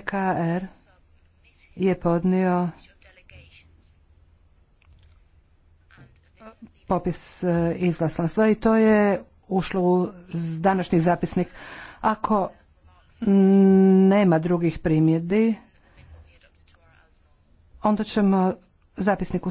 EKR je podnio popis e, izlasanstva i to je ušlo u današnji zapisnik. Ako nema drugih primjedbi, onda ćemo zapisnik